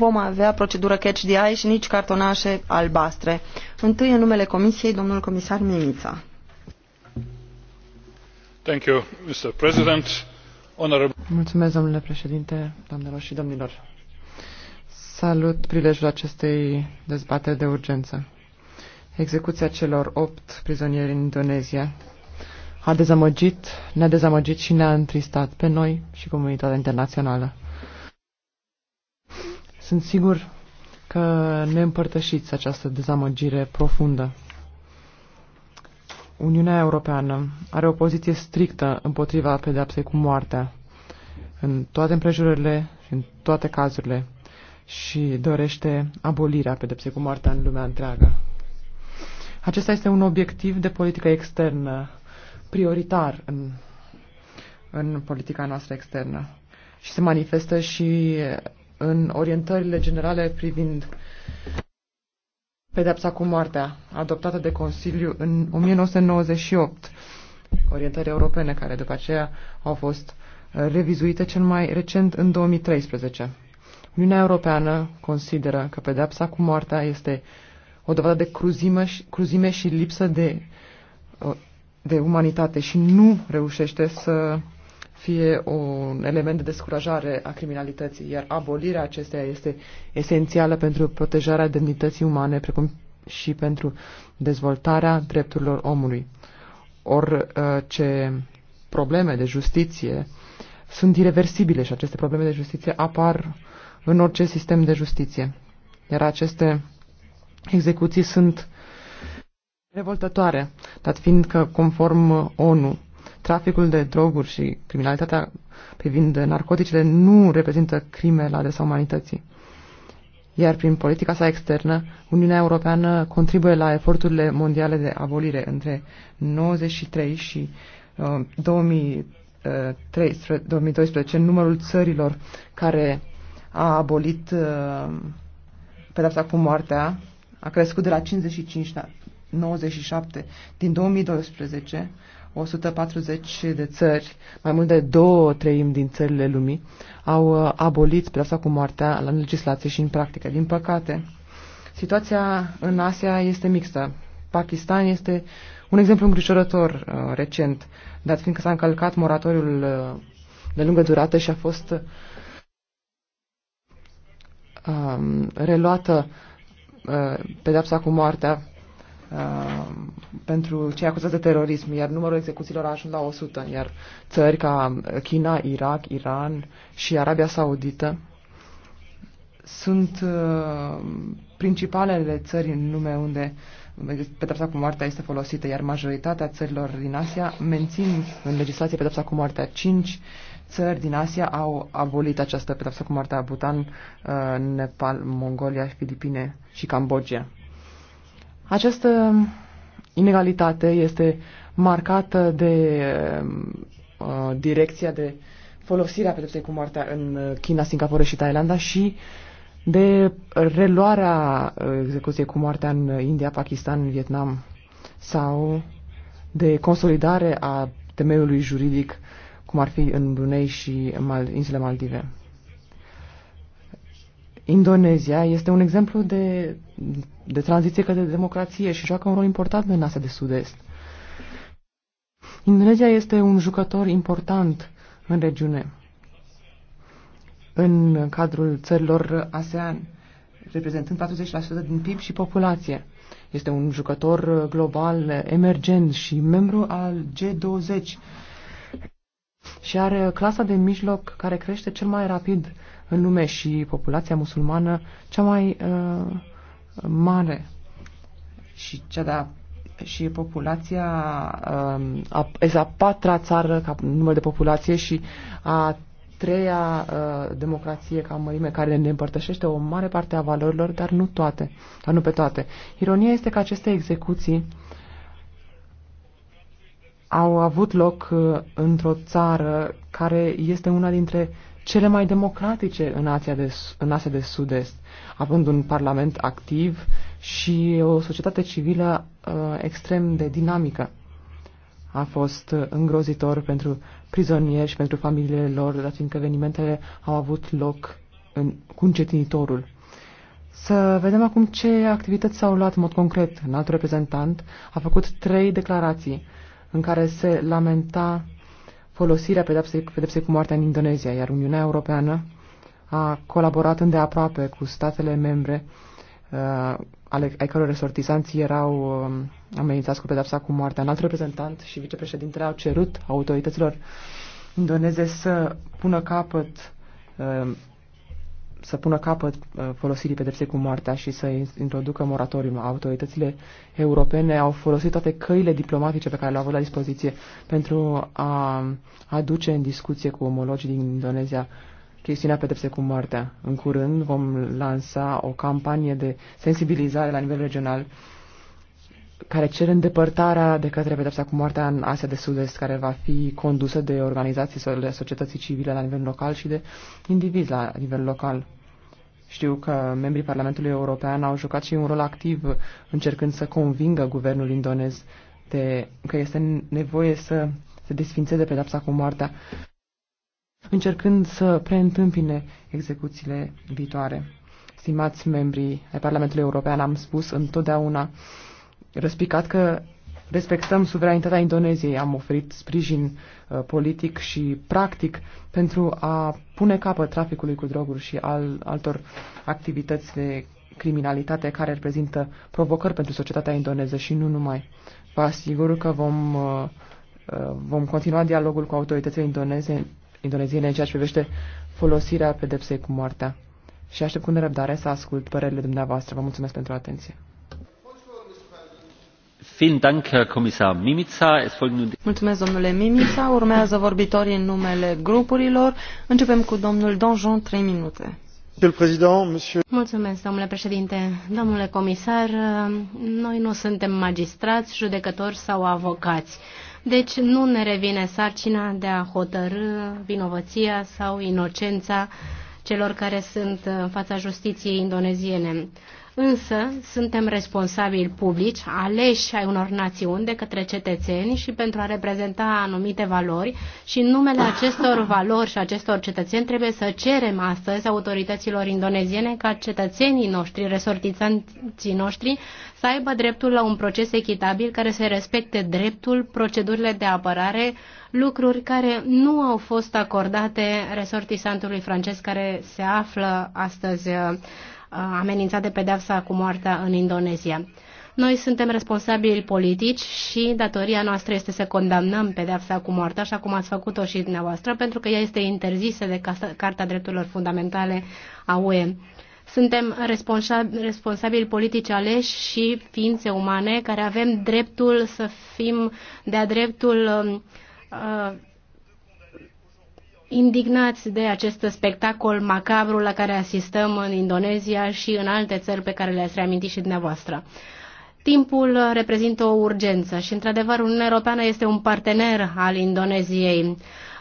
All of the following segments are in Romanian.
vom avea procedură catch the eye și nici cartonașe albastre. Întâi, în numele Comisiei, domnul comisar Mimița. Thank you, Mr. President. Honorable... Mulțumesc, domnule președinte, doamnelor și domnilor. Salut prilejul acestei dezbateri de urgență. Execuția celor opt prizonieri în Indonezia a dezamăgit, ne-a dezamăgit și ne-a întristat pe noi și comunitatea internațională. Sunt sigur că ne împărtășiți această dezamăgire profundă. Uniunea Europeană are o poziție strictă împotriva pedepsei cu moartea în toate împrejurările și în toate cazurile și dorește abolirea pedepsei cu moartea în lumea întreagă. Acesta este un obiectiv de politică externă prioritar în, în politica noastră externă și se manifestă și în orientările generale privind pedepsa cu moartea, adoptată de Consiliu în 1998, orientări europene care după aceea au fost revizuite cel mai recent în 2013. Uniunea Europeană consideră că pedepsa cu moartea este o dovadă de cruzime și, cruzime și lipsă de, uh, de umanitate și nu reușește să fie un element de descurajare a criminalității, iar abolirea acesteia este esențială pentru protejarea demnității umane, precum și pentru dezvoltarea drepturilor omului. Or uh, ce probleme de justiție sunt irreversibile și aceste probleme de justiție apar în orice sistem de justiție. Iar aceste execuții sunt revoltătoare, dat fiind că, conform ONU, traficul de droguri și criminalitatea privind narcoticele nu reprezintă crime la adresa umanității. Iar prin politica sa externă, Uniunea Europeană contribuie la eforturile mondiale de abolire între 93 și uh, 2013, 2012, uh, numărul țărilor care a abolit uh, pedepsa cu moartea a crescut de la 55 la 97 din 2012 140 de țări, mai mult de două treimi din țările lumii, au uh, abolit pedeapsa cu moartea la legislație și în practică. Din păcate, situația în Asia este mixtă. Pakistan este un exemplu îngrijorător uh, recent, dat fiindcă s-a încălcat moratoriul uh, de lungă durată și a fost uh, reluată uh, pedepsa cu moartea Uh, pentru cei acuzați de terorism, iar numărul execuțiilor a ajuns la 100, iar țări ca China, Irak, Iran și Arabia Saudită sunt uh, principalele țări în lume unde pedepsa cu moartea este folosită, iar majoritatea țărilor din Asia mențin în legislație pedepsa cu moartea. Cinci țări din Asia au abolit această pedepsă cu moartea, Bhutan, uh, Nepal, Mongolia, Filipine și Cambodgia. Această inegalitate este marcată de uh, direcția de folosire a pedepsei cu moartea în China, Singapore și Thailanda și de reluarea execuției cu moartea în India, Pakistan, Vietnam sau de consolidare a temeiului juridic, cum ar fi în Brunei și Mal- insulele Maldive. Indonezia este un exemplu de, de tranziție către democrație și joacă un rol important în Asia de Sud-Est. Indonezia este un jucător important în regiune, în cadrul țărilor ASEAN, reprezentând 40% din PIB și populație. Este un jucător global emergent și membru al G20, și are clasa de mijloc care crește cel mai rapid în lume și populația musulmană cea mai uh, mare și cea de-a și populația uh, a, este a patra țară ca număr de populație și a treia uh, democrație ca mărime care ne împărtășește o mare parte a valorilor, dar nu toate, dar nu pe toate. Ironia este că aceste execuții uh, au avut loc uh, într-o țară care este una dintre cele mai democratice în Asia de, în Asia de Sud-Est, având un parlament activ și o societate civilă uh, extrem de dinamică. A fost uh, îngrozitor pentru prizonieri și pentru familiile lor, dar fiindcă evenimentele au avut loc în, cu încetinitorul. Să vedem acum ce activități s-au luat în mod concret. Un alt reprezentant a făcut trei declarații în care se lamenta folosirea pedepsei, pedepsei cu moartea în Indonezia, iar Uniunea Europeană a colaborat îndeaproape cu statele membre uh, ale, ai căror resortizanții erau uh, amenințați cu pedepsa cu moartea. Un alt reprezentant și vicepreședintele au cerut autorităților indoneze să pună capăt uh, să pună capăt uh, folosirii pedepsei cu moartea și să introducă moratorium. Autoritățile europene au folosit toate căile diplomatice pe care le-au avut la dispoziție pentru a aduce în discuție cu omologii din Indonezia chestiunea pedepsei cu moartea. În curând vom lansa o campanie de sensibilizare la nivel regional care cer îndepărtarea de către pedepsa cu moartea în Asia de Sud-Est, care va fi condusă de organizații societății civile la nivel local și de indivizi la nivel local. Știu că membrii Parlamentului European au jucat și un rol activ încercând să convingă guvernul indonez de, că este nevoie să se desfințeze pedapsa cu moartea, încercând să preîntâmpine execuțiile viitoare. Stimați membrii ai Parlamentului European, am spus întotdeauna răspicat că respectăm suveranitatea Indoneziei. Am oferit sprijin uh, politic și practic pentru a pune capăt traficului cu droguri și al, altor activități de criminalitate care reprezintă provocări pentru societatea indoneză și nu numai. Vă asigur că vom, uh, uh, vom continua dialogul cu autoritățile indoneze, indoneziene în ceea ce privește folosirea pedepsei cu moartea. Și aștept cu nerăbdare să ascult părerile dumneavoastră. Vă mulțumesc pentru atenție. Mulțumesc, domnule Mimica. Urmează vorbitorii în numele grupurilor. Începem cu domnul Donjon, trei minute. Mulțumesc, domnule președinte. Domnule comisar, noi nu suntem magistrați, judecători sau avocați. Deci nu ne revine sarcina de a hotărâ vinovăția sau inocența celor care sunt în fața justiției indoneziene însă suntem responsabili publici, aleși ai unor națiuni de către cetățeni și pentru a reprezenta anumite valori și în numele acestor valori și acestor cetățeni trebuie să cerem astăzi autorităților indoneziene ca cetățenii noștri, resortițanții noștri, să aibă dreptul la un proces echitabil care să respecte dreptul, procedurile de apărare, lucruri care nu au fost acordate resortisantului francez care se află astăzi amenințat de pedeapsa cu moartea în Indonezia. Noi suntem responsabili politici și datoria noastră este să condamnăm pedeapsa cu moartea, așa cum ați făcut-o și dumneavoastră, pentru că ea este interzisă de Carta Drepturilor Fundamentale a UE. Suntem responsabili politici aleși și ființe umane care avem dreptul să fim de-a dreptul um, uh, indignați de acest spectacol macabru la care asistăm în Indonezia și în alte țări pe care le-ați reamintit și dumneavoastră. Timpul reprezintă o urgență și, într-adevăr, Uniunea Europeană este un partener al Indoneziei.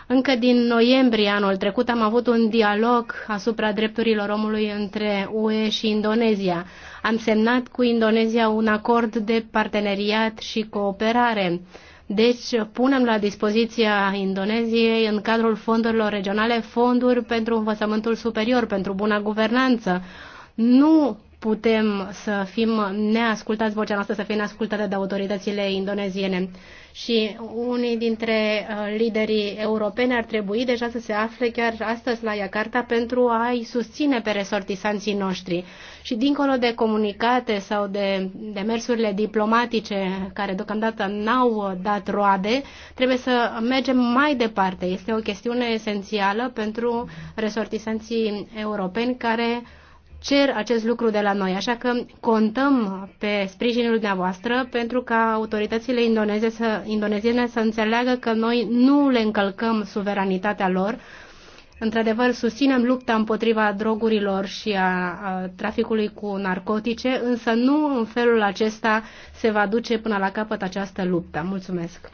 Încă din noiembrie anul trecut am avut un dialog asupra drepturilor omului între UE și Indonezia. Am semnat cu Indonezia un acord de parteneriat și cooperare deci punem la dispoziția Indoneziei în cadrul fondurilor regionale fonduri pentru învățământul superior, pentru buna guvernanță. Nu putem să fim neascultați, vocea noastră să fie neascultată de autoritățile indoneziene. Și unii dintre uh, liderii europeni ar trebui deja să se afle chiar astăzi la Iacarta pentru a-i susține pe resortisanții noștri. Și dincolo de comunicate sau de demersurile diplomatice care deocamdată n-au dat roade, trebuie să mergem mai departe. Este o chestiune esențială pentru resortisanții europeni care cer acest lucru de la noi, așa că contăm pe sprijinul dumneavoastră pentru ca autoritățile indoneze să, indoneziene să înțeleagă că noi nu le încălcăm suveranitatea lor. Într-adevăr, susținem lupta împotriva drogurilor și a, a traficului cu narcotice, însă nu în felul acesta se va duce până la capăt această luptă. Mulțumesc!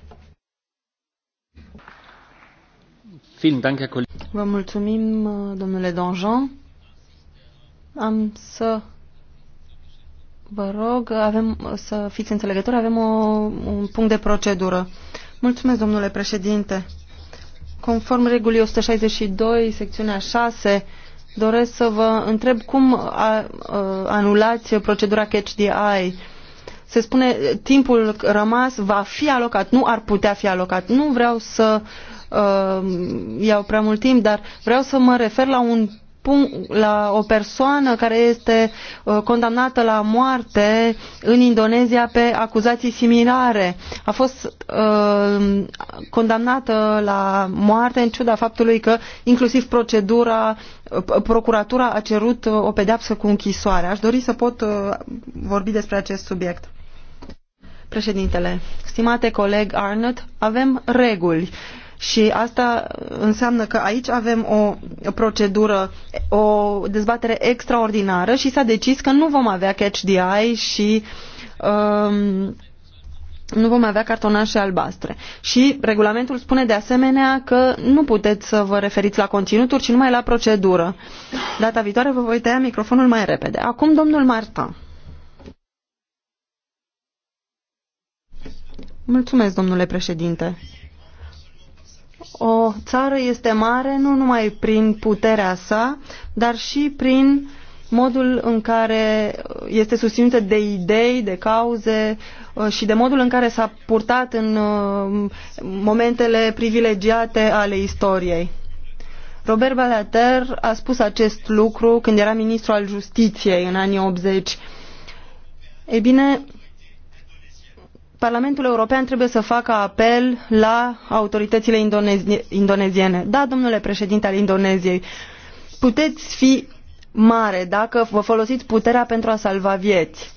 Vă mulțumim, domnule Donjon. Am să vă rog avem, să fiți înțelegători. Avem o, un punct de procedură. Mulțumesc, domnule președinte. Conform regulii 162, secțiunea 6, doresc să vă întreb cum a, a, anulați procedura Catch the Eye. Se spune timpul rămas va fi alocat, nu ar putea fi alocat. Nu vreau să uh, iau prea mult timp, dar vreau să mă refer la un la o persoană care este uh, condamnată la moarte în Indonezia pe acuzații similare. A fost uh, condamnată la moarte în ciuda faptului că inclusiv procedura, uh, procuratura a cerut uh, o pedeapsă cu închisoare. Aș dori să pot uh, vorbi despre acest subiect. Președintele, stimate coleg Arnott, avem reguli. Uh, și asta înseamnă că aici avem o procedură, o dezbatere extraordinară și s-a decis că nu vom avea catch the eye și um, nu vom avea cartonașe albastre. Și regulamentul spune de asemenea că nu puteți să vă referiți la conținuturi, ci numai la procedură. Data viitoare vă voi tăia microfonul mai repede. Acum, domnul Marta. Mulțumesc, domnule președinte. O țară este mare nu numai prin puterea sa, dar și prin modul în care este susținută de idei, de cauze uh, și de modul în care s-a purtat în uh, momentele privilegiate ale istoriei. Robert Balater a spus acest lucru când era ministru al justiției în anii 80. Ei bine, Parlamentul European trebuie să facă apel la autoritățile indoneziene. Da, domnule președinte al Indoneziei, puteți fi mare dacă vă folosiți puterea pentru a salva vieți.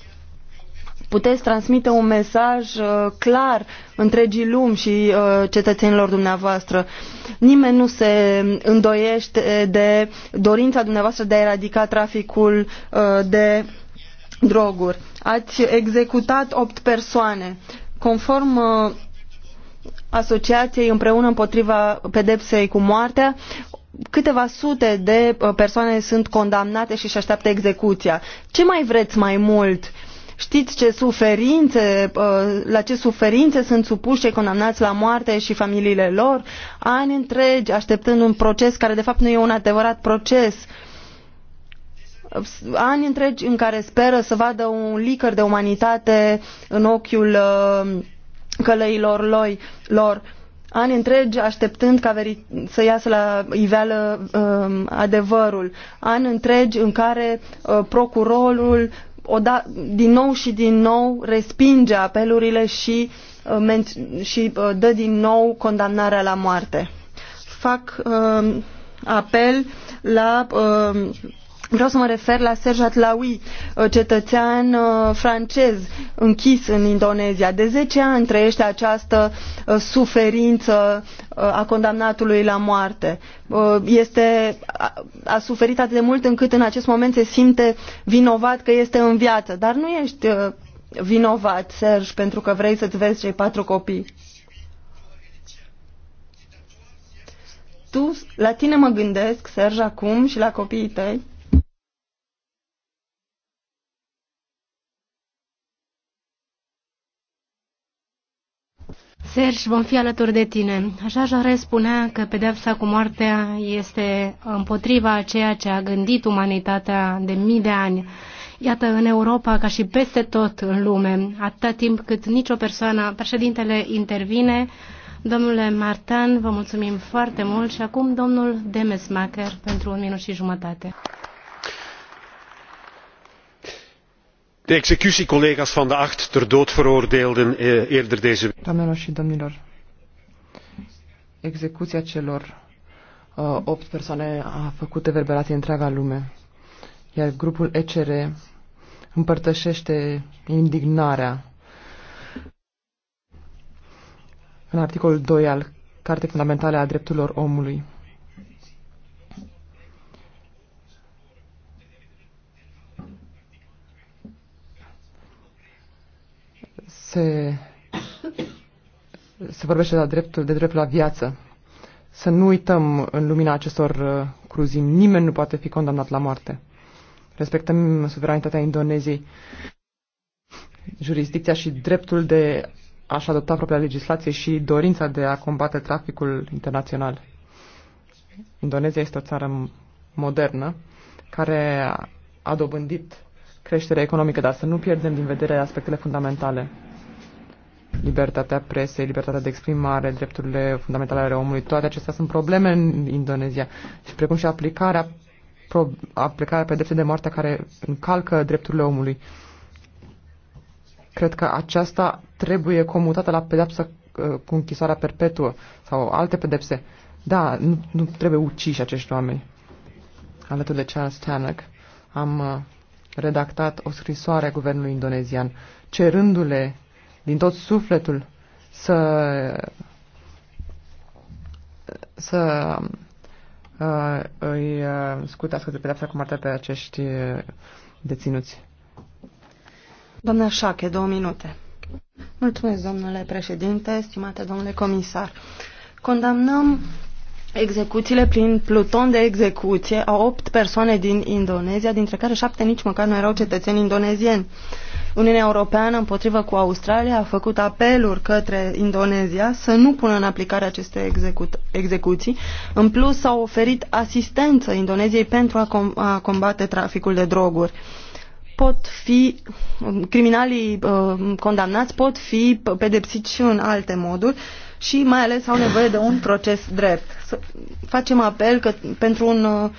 Puteți transmite un mesaj uh, clar întregii lumi și uh, cetățenilor dumneavoastră. Nimeni nu se îndoiește de dorința dumneavoastră de a eradica traficul uh, de droguri. Ați executat opt persoane. Conform uh, asociației împreună împotriva pedepsei cu moartea, câteva sute de uh, persoane sunt condamnate și își așteaptă execuția. Ce mai vreți mai mult? Știți ce suferințe, uh, la ce suferințe sunt supuși cei condamnați la moarte și familiile lor? Ani întregi așteptând un proces care de fapt nu e un adevărat proces. Uh, ani întregi în care speră să vadă un licăr de umanitate în ochiul uh, călăilor lor, ani întregi așteptând ca veri- să iasă la iveală uh, adevărul, ani întregi în care uh, procurorul oda- din nou și din nou respinge apelurile și, uh, și uh, dă din nou condamnarea la moarte. Fac uh, apel la uh, Vreau să mă refer la Serge Atlaoui, uh, cetățean uh, francez închis în Indonezia. De 10 ani trăiește această uh, suferință a condamnatului la moarte. Este, a suferit atât de mult încât în acest moment se simte vinovat că este în viață. Dar nu ești vinovat, Serge, pentru că vrei să-ți vezi cei patru copii. Tu, la tine mă gândesc, Serge, acum și la copiii tăi. Serge, vom fi alături de tine. Așa Jare spunea că pedepsa cu moartea este împotriva a ceea ce a gândit umanitatea de mii de ani. Iată, în Europa, ca și peste tot în lume, atâta timp cât nicio persoană, președintele intervine, Domnule Martin, vă mulțumim foarte mult și acum domnul Demesmacher pentru un minut și jumătate. de executiecollega's van de acht ter dood veroordeelden eh, eerder deze week. Doamnelor și domnilor, execuția celor uh, opt persoane a făcut reverberații întreaga lume, iar grupul ECR împărtășește indignarea. În articolul 2 al Cartei Fundamentale a Drepturilor Omului se, se vorbește de dreptul, de dreptul la viață. Să nu uităm în lumina acestor uh, cruzimi, nimeni nu poate fi condamnat la moarte. Respectăm suveranitatea Indoneziei, jurisdicția și dreptul de a-și adopta propria legislație și dorința de a combate traficul internațional. Indonezia este o țară modernă care a dobândit creștere economică, dar să nu pierdem din vedere aspectele fundamentale libertatea presei, libertatea de exprimare, drepturile fundamentale ale omului, toate acestea sunt probleme în Indonezia și precum și aplicarea, pro, aplicarea pedepsei de moarte care încalcă drepturile omului. Cred că aceasta trebuie comutată la pedepsă uh, cu închisoarea perpetuă sau alte pedepse. Da, nu, nu trebuie uciși acești oameni. Alături de Charles Tannock am uh, redactat o scrisoare guvernului indonezian cerându-le din tot sufletul să să uh, îi uh, scutească de pedeapsa cu moartea pe acești uh, deținuți. Doamna Șache, două minute. Mulțumesc, domnule președinte, stimate domnule comisar. Condamnăm execuțiile prin pluton de execuție a opt persoane din Indonezia, dintre care șapte nici măcar nu erau cetățeni indonezieni. Uh, Uniunea Europeană împotrivă cu Australia a făcut apeluri către Indonezia să nu pună în aplicare aceste execu execuții. În plus, s-au oferit asistență Indoneziei pentru a, com a combate traficul de droguri. Pot fi, criminalii uh, condamnați pot fi pedepsiți și în alte moduri și mai ales au nevoie de un proces drept. Să facem apel că, pentru un, uh,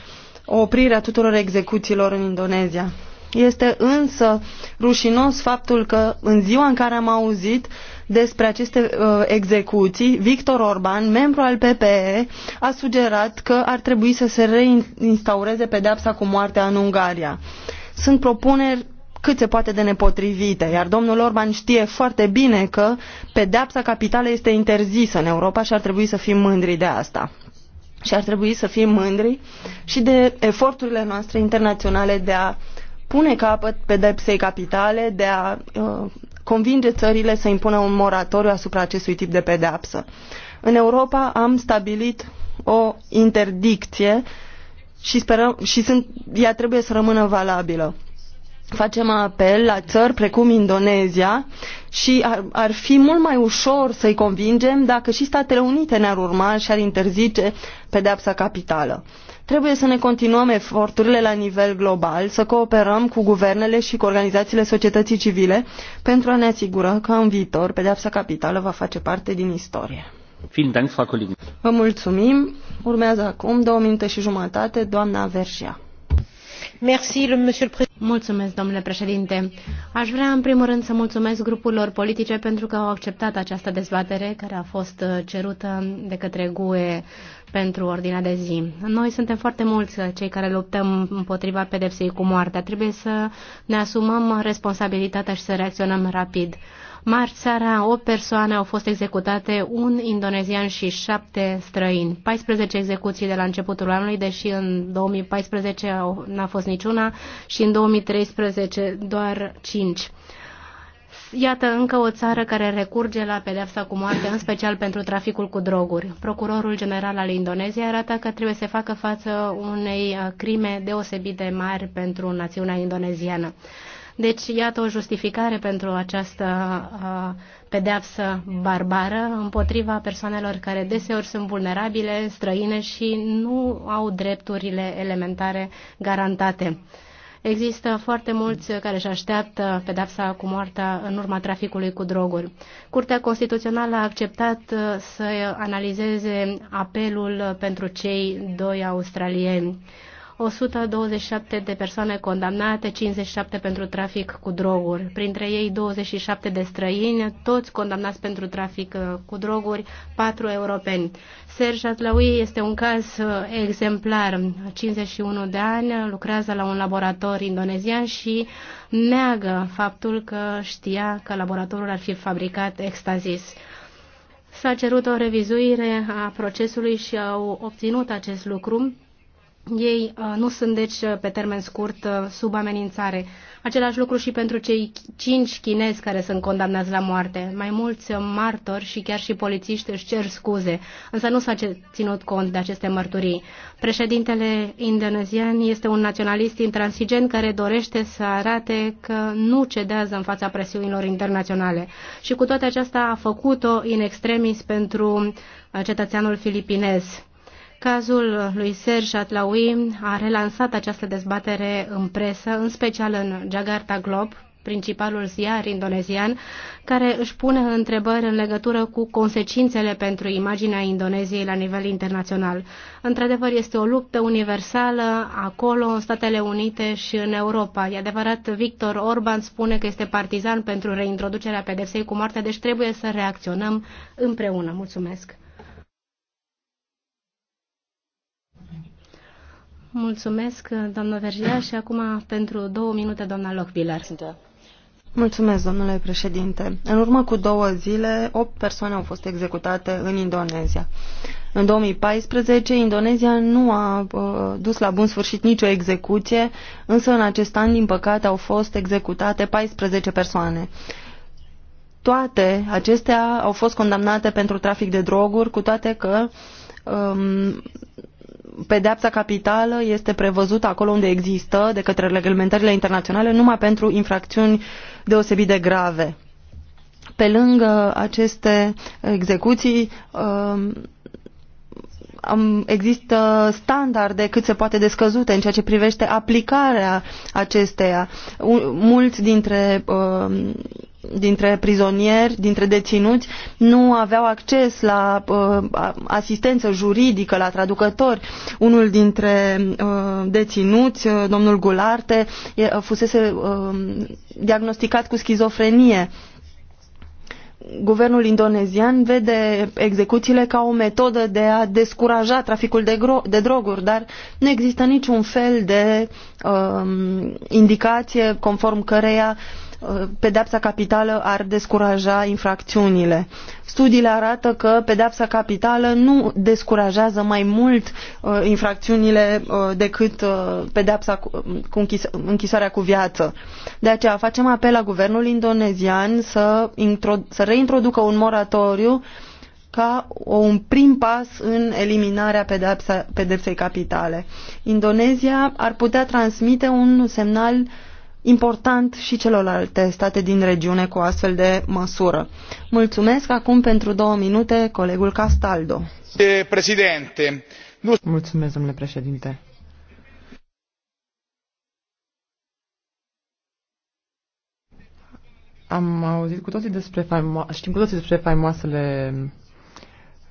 o oprire a tuturor execuțiilor în Indonezia. Este însă rușinos faptul că în ziua în care am auzit despre aceste uh, execuții, Victor Orban, membru al PPE, a sugerat că ar trebui să se reinstaureze pedeapsa cu moartea în Ungaria. Sunt propuneri cât se poate de nepotrivite, iar domnul Orban știe foarte bine că pedeapsa capitală este interzisă în Europa și ar trebui să fim mândri de asta. Și ar trebui să fim mândri și de eforturile noastre internaționale de a pune capăt pedepsei capitale, de a uh, convinge țările să impună un moratoriu asupra acestui tip de pedeapsă. În Europa am stabilit o interdicție și, sperăm, și sunt, ea trebuie să rămână valabilă. Facem apel la țări precum Indonezia și ar, ar fi mult mai ușor să-i convingem dacă și Statele Unite ne-ar urma și ar interzice pedeapsa capitală. Uh, Trebuie să ne continuăm eforturile la nivel global, să cooperăm cu guvernele și cu organizațiile societății civile pentru a ne asigura că în viitor pedeapsa capitală va face parte din istorie. Vă mulțumim. Urmează acum două minute și jumătate, doamna Vergia. Mulțumesc, domnule președinte. Aș vrea, în primul rând, să mulțumesc grupurilor politice pentru că au acceptat această dezbatere care a fost uh, cerută de către GUE pentru ordinea de zi. Noi suntem foarte mulți uh, cei care luptăm împotriva pedepsei cu moartea. Trebuie să ne asumăm responsabilitatea și să reacționăm rapid. Marți seara, 8 persoane au fost executate, un indonezian și 7 străini. 14 execuții de la începutul anului, deși în 2014 n-a fost niciuna și în 2013 doar 5. Iată încă o țară care recurge la pedeapsa cu moarte, în special pentru traficul cu droguri. Procurorul general al Indoneziei arată că trebuie să facă față unei crime deosebit de mari pentru națiunea indoneziană. Deci, iată o justificare pentru această uh, pedeapsă barbară împotriva persoanelor care deseori sunt vulnerabile, străine și nu au drepturile elementare garantate. Există foarte mulți care își așteaptă pedapsa cu moartea în urma traficului cu droguri. Curtea Constituțională a acceptat uh, să analizeze apelul pentru cei doi australieni. 127 de persoane condamnate, 57 pentru trafic cu droguri, printre ei 27 de străini, toți condamnați pentru trafic uh, cu droguri, 4 europeni. Serge Atlaui este un caz uh, exemplar, 51 de ani, uh, lucrează la un laborator indonezian și neagă faptul că știa că laboratorul ar fi fabricat extazis. S-a cerut o revizuire a procesului și au obținut acest lucru ei uh, nu sunt, deci, uh, pe termen scurt, uh, sub amenințare. Același lucru și pentru cei cinci chinezi care sunt condamnați la moarte. Mai mulți martori și chiar și polițiști își cer scuze, însă nu s-a ținut cont de aceste mărturii. Președintele indonezian este un naționalist intransigent care dorește să arate că nu cedează în fața presiunilor internaționale. Și cu toate acestea a făcut-o in extremis pentru cetățeanul filipinez Cazul lui Serge Atlaoui a relansat această dezbatere în presă, în special în Jakarta Globe, principalul ziar indonezian, care își pune întrebări în legătură cu consecințele pentru imaginea Indoneziei la nivel internațional. Într-adevăr, este o luptă universală acolo, în Statele Unite și în Europa. E adevărat, Victor Orban spune că este partizan pentru reintroducerea pedepsei cu moartea, deci trebuie să reacționăm împreună. Mulțumesc! Mulțumesc, doamnă Vergea, și acum pentru două minute, doamna Lochbiller. Mulțumesc, domnule președinte. În urmă cu două zile, opt persoane au fost executate în Indonezia. În 2014, Indonezia nu a uh, dus la bun sfârșit nicio execuție, însă în acest an, din păcate, au fost executate 14 persoane. Toate acestea au fost condamnate pentru trafic de droguri, cu toate că um, pedeapsa capitală este prevăzută acolo unde există de către reglementările internaționale numai pentru infracțiuni deosebit de grave. Pe lângă aceste execuții, um, există standarde cât se poate descăzute în ceea ce privește aplicarea acesteia. Mulți dintre um, dintre prizonieri, dintre deținuți, nu aveau acces la uh, asistență juridică, la traducători. Unul dintre uh, deținuți, uh, domnul Gularte, e, uh, fusese uh, diagnosticat cu schizofrenie. Guvernul indonezian vede execuțiile ca o metodă de a descuraja traficul de, de droguri, dar nu există niciun fel de uh, indicație conform căreia uh, pedepsa capitală ar descuraja infracțiunile. Studiile arată că pedepsa capitală nu descurajează mai mult uh, infracțiunile uh, decât uh, pedepsa cu, cu închis închisoarea cu viață. De aceea facem apel la guvernul indonezian să, să reintroducă un moratoriu ca un prim pas în eliminarea pedepsei capitale. Indonezia ar putea transmite un semnal uh, important și celorlalte state din regiune cu astfel de măsură. Mulțumesc acum pentru două minute colegul Castaldo. Președinte. Nu... Mulțumesc, domnule președinte. Am auzit cu toții despre faimo- știm cu toții despre faimoasele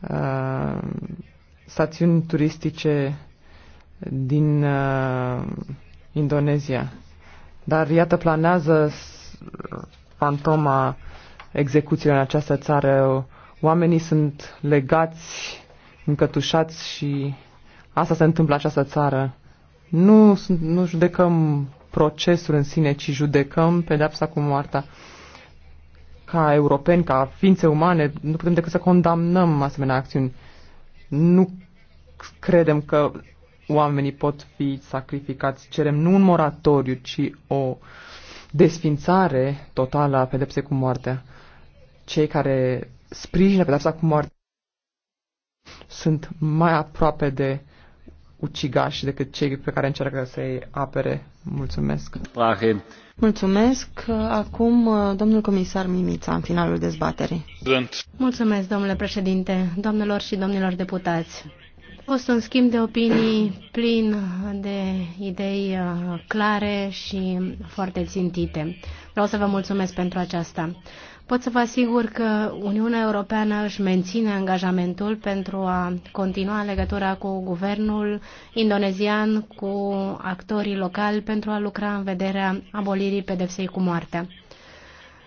uh, stațiuni turistice din uh, Indonezia. Dar iată, planează fantoma execuțiilor în această țară. Oamenii sunt legați, încătușați și asta se întâmplă în această țară. Nu, nu judecăm procesul în sine, ci judecăm pedepsa cu moartea. Ca europeni, ca ființe umane, nu putem decât să condamnăm asemenea acțiuni. Nu credem că oamenii pot fi sacrificați. Cerem nu un moratoriu, ci o desfințare totală a pedepsei cu moartea. Cei care sprijină pedepsa cu moartea sunt mai aproape de ucigași decât cei pe care încearcă să-i apere. Mulțumesc. Pahe. Mulțumesc. Acum, domnul comisar Mimița, în finalul dezbaterii. Mulțumesc, domnule președinte, domnilor și domnilor deputați fost un schimb de opinii plin de idei uh, clare și foarte țintite. Vreau să vă mulțumesc pentru aceasta. Pot să vă asigur că Uniunea Europeană își menține angajamentul pentru a continua legătura cu guvernul indonezian, cu actorii locali, pentru a lucra în vederea abolirii pedepsei cu moartea.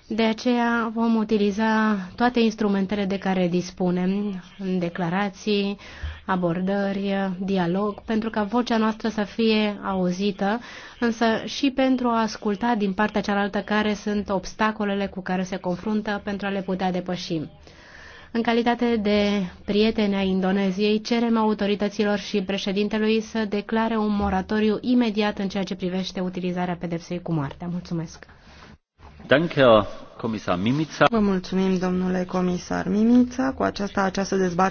De aceea vom utiliza toate instrumentele de care dispunem, declarații, abordări, dialog, pentru ca vocea noastră să fie auzită, însă și pentru a asculta din partea cealaltă care sunt obstacolele cu care se confruntă pentru a le putea depăși. În calitate de prietene a Indoneziei, cerem autorităților și președintelui să declare un moratoriu imediat în ceea ce privește utilizarea pedepsei cu moartea. Mulțumesc! Vă mulțumim, domnule comisar Mimica. Cu aceasta această dezbatere